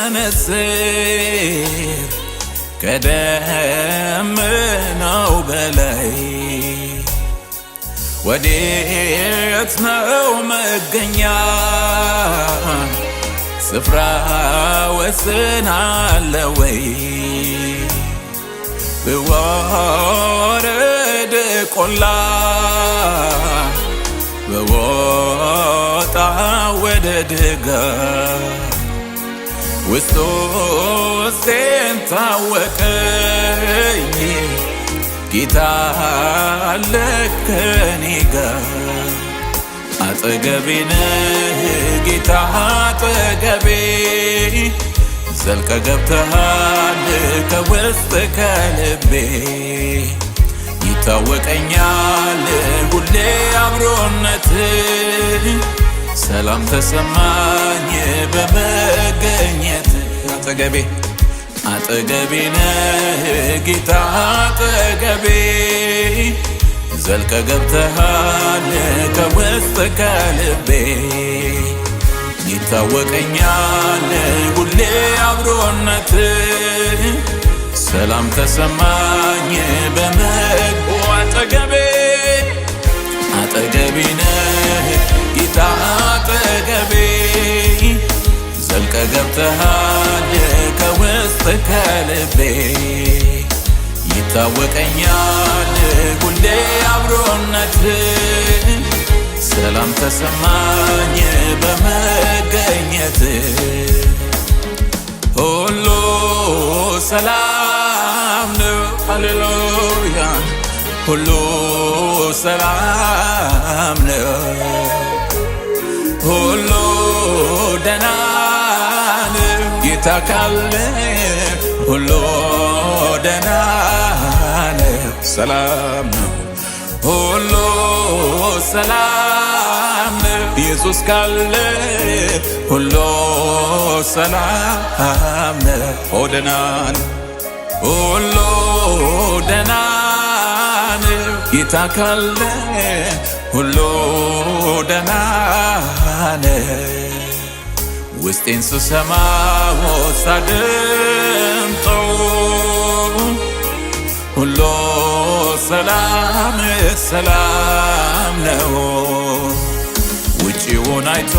ሲያነጽር ከደመናው በላይ ወዴት ነው መገኛ ስፍራ ወስን አለ ወይ? ብወርድ ቆላ በወጣ ወደ ድጋ ውስጡ ውስጤን ታወቀኝ ጌታ አለ ከኔ ጋር አጠገቤ ነህ ጌታ አጠገቤ ዘልቀ ገብተሃል ከውስጥ ከልቤ ይታወቀኛል ሁሌ አብሮነት ሰላም ተሰማኝ በመገኘ አጠገቤ አጠገቤ ነህ ጌታ አጠገቤ ዘልቀ ገብተሃል ከውስጥ ከልቤ ይታወቀኛል ሁሌ አብሮነት ሰላም ተሰማኝ በመግቦ አጠገቤ አጠገቤ ነህ ጌታ አጠገቤ ዘልቀ ገብተሃል ከውስጥ ከልቤ ይታወቀኛል ሁሌ አብሮነት ሰላም ተሰማኝ በመገኘት ሁሉ ሰላም ነው ሃሌሉያ ሁሉ ሰላም ነው ሁሉ ደህና ጌታ ካለ ሁሉ ደህና ነው፣ ሰላም ነው፣ ሁሉ ሰላም ነው። ኢየሱስ ካለ ሁሉ ሰላም ነው፣ ደህና ሁሉ ሁሉ ውስጤን ስሰማው ሳደምጠው ሁሉ ሰላም ሰላም ነው። ውጪውን አይቶ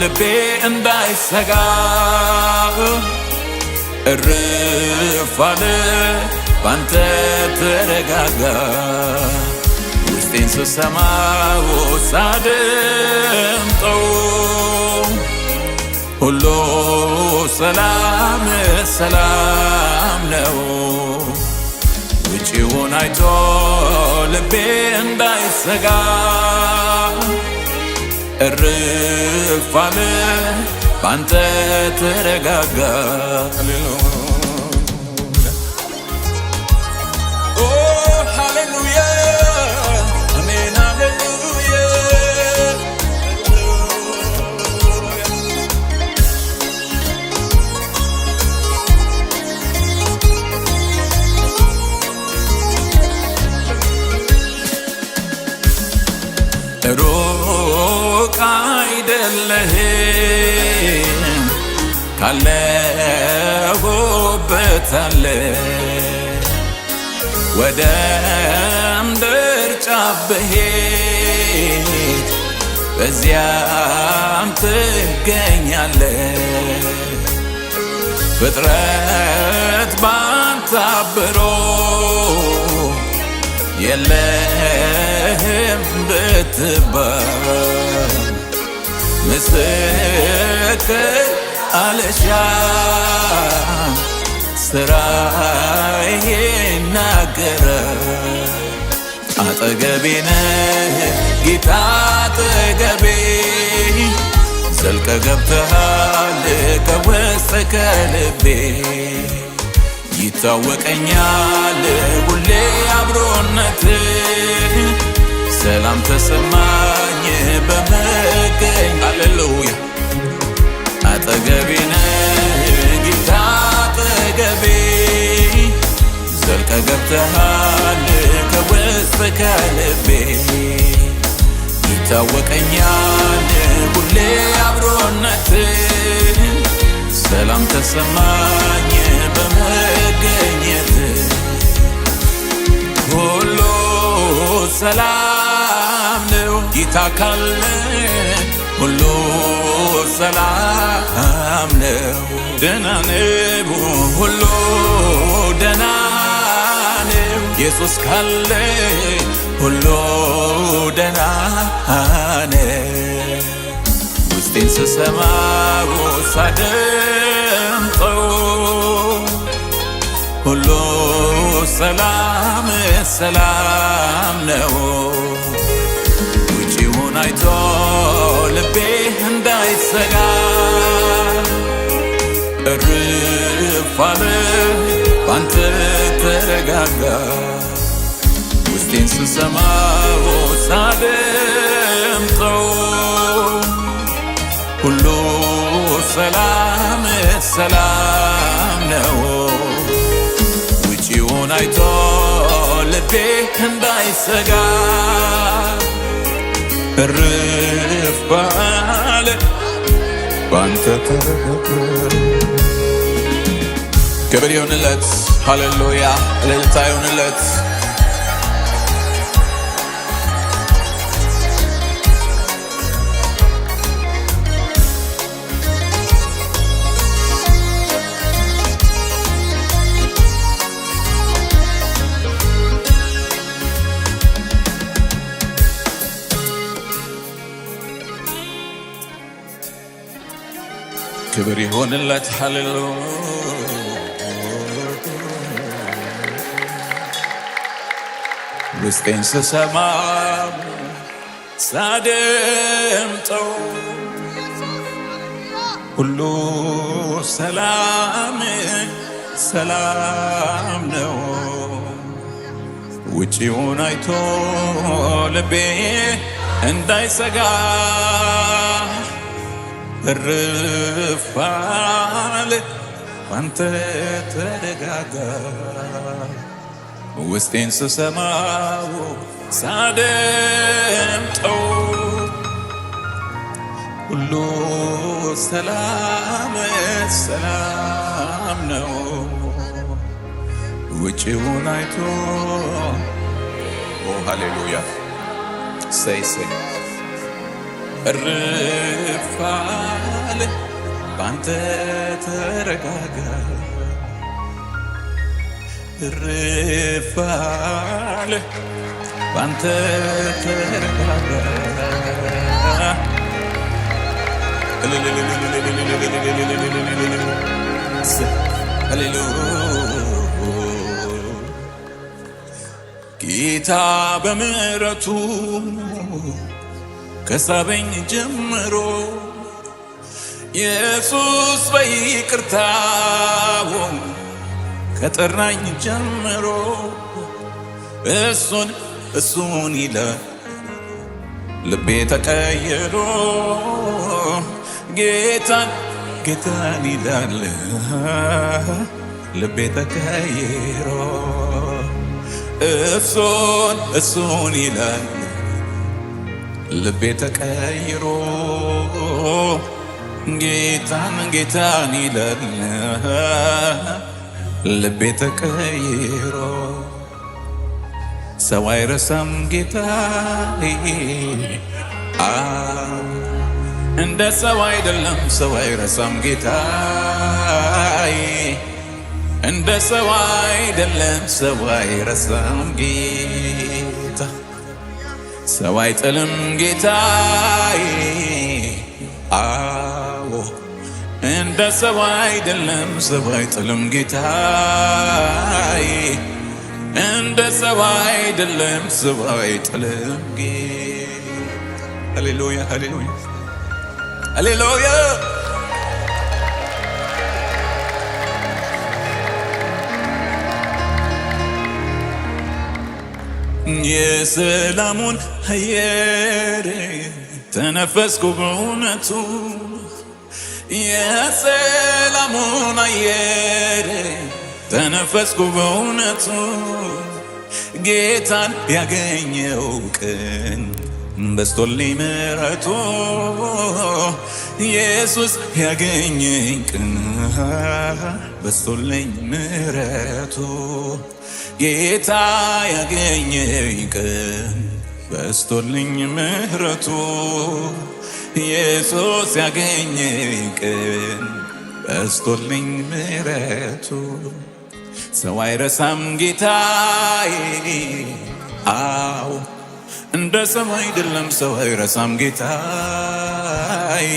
ልቤ እንዳይሰጋ እርፋለ ባንተ ተረጋጋ። ውስጤን ስሰማው ሳደምጠው ሁሉ ሰላም ሰላም ነው። ውጪውን አይቶ ልቤ እንዳይሰጋ እርፋለ ባንተ ተረጋጋ ሩቅ አይደለህም ካለሁበት አለ ወደ ምድር ጫፍ ብሄድ በዚያም ትገኛለ ፍጥረት ባንታብሮ አብሮ የለህም ብትባል ምስክር አልሻም ስራ ይናገራል። አጠገቤ ነህ ጌታ አጠገቤ ዘልቀ ገብተሃል ከውስጥ ከልቤ ይታወቀኛል ሁሌ አብሮነት ሰላም ተሰማኝ በመገኝ አሌሉያ አጠገቤ ነህ ጌታ አጠገቤ ዘልቀ ገብተሃል ከውስጥ ከልቤ ይታወቀኛል ሁሌ አብሮነት ሰላም ተሰማኝ በመገኘት ሁሉ ሰላም ጌታ ካለ ሁሉ ሰላም ነው። ደህና ነው፣ ሁሉ ደህና ነው። ኢየሱስ ካለ ሁሉ ደህና ነው። ውስጤን ስሰማው ሳደምጠው ሁሉ ሰላም ሰላም ነው። አይቶ ልቤ እንዳይሰጋ እርፋለ ባንተ ተረጋጋ ውስጤን ስሰማው ሳደምጠው ሁሉ ሰላም ሰላም ነው ውጪውን አይቶ ልቤ እንዳይሰጋ እርፍ ባለ ባንተ ተረፈ። ክብር ይሁንለት። ሃሌሉያ። እልልታ ይሁንለት። ክብር ይሆንለት ሃሌሉ ውስጤን ስሰማ ሳደምጠው ሁሉ ሰላም ሰላም ነው። ውጪውን አይቶ ልቤ እንዳይሰጋ እርፋል ባንተ ተረጋጋ ውስጤን ስሰማው ሳደምጠው ሁሉ ሰላም ሰላም ነው። ውጭውን አይቶ ሃሌሉያ ሰይ እርፋለ ባንተ ተረጋጋ እርፋለ ባንተ ተረጋጋ ጌታ በምሕረቱ ከሳበኝ ጀምሮ ኢየሱስ በይቅርታው ከጠራኝ ጀምሮ እሱን እሱን ይለ ልቤ ተቀየሮ ጌታን ጌታን ይላል ልቤ ተቀየሮ እሱን እሱን ይላል ልቤ ተቀይሮ ጌታን ጌታን ይላል ልቤ ተቀይሮ ሰው አይረሳም ጌታ እንደ ሰው አይደለም ሰው አይረሳም ጌታ እንደ ሰው አይደለም ሰው አይረሳም ጌ ሰው አይጥልም ጌታዬ፣ አዎ እንደ ሰው አይደለም። ሰው አይጥልም ጌታዬ፣ እንደ ሰው አይደለም። ሰው አይጥልም ጌታ። ሃሌሉያ፣ ሃሌሉያ፣ ሃሌሉያ። የሰላሙን አየር ተነፈስኩ በእውነቱ የሰላሙን አየር ተነፈስኩ በእውነቱ ጌታን ያገኘው ቀን በስቶልኝ ምሕረቱ ኢየሱስ ያገኘኝ ቀን በስቶልኝ ምሕረቱ ጌታ ያገኘኝ ቀን በስቶልኝ ምህረቱ ኢየሱስ ያገኘኝ ቀን በስቶልኝ ምህረቱ ሰው አይረሳም ጌታዬ አዎ እንደ ሰው አይደለም ሰው አይረሳም ጌታዬ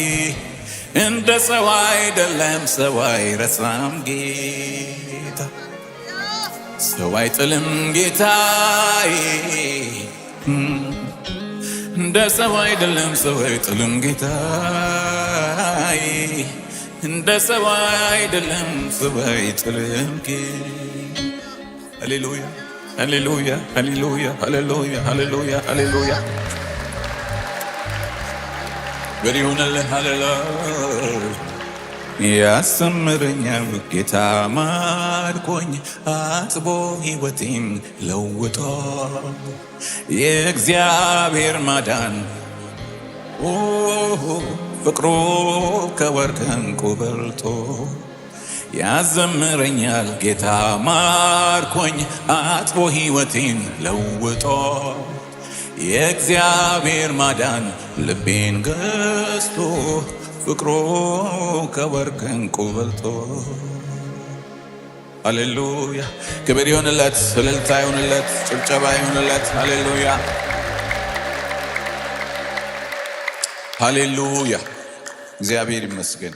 እንደ ሰው አይደለም ሰው አይረሳም ጌታ ሰው አይጥልም ጌታዬ እንደ ሰው አይደለም ሰው አይጥልም ጌታዬ፣ እንደ ሰው አይደለም ሰው አይጥልም ሃሌሉያ ሃሌሉያ ሃሌሉያ ሃሌሉያ ሃሌሉያ ሃሌሉያ በሪሆነልን ሃሌሉያ ያሰምረኛል ጌታ ማርኮኝ አጥቦ ሕይወቴን ለውጦ የእግዚአብሔር ማዳን ፍቅሩ ከወርቅ ዕንቁ በልጦ ያዘምረኛል ጌታ ማርኮኝ አጥቦ ሕይወቴን ለውጦ የእግዚአብሔር ማዳን ልቤን ገዝቶ ፍቅሩ ከወርቅ እንቁ በልጦ ሃሌሉያ ክብር ይሁንለት፣ እልልታ ይሁንለት፣ ጭብጨባ ይሁንለት። ሃሌሉያ ሃሌሉያ። እግዚአብሔር ይመስገን።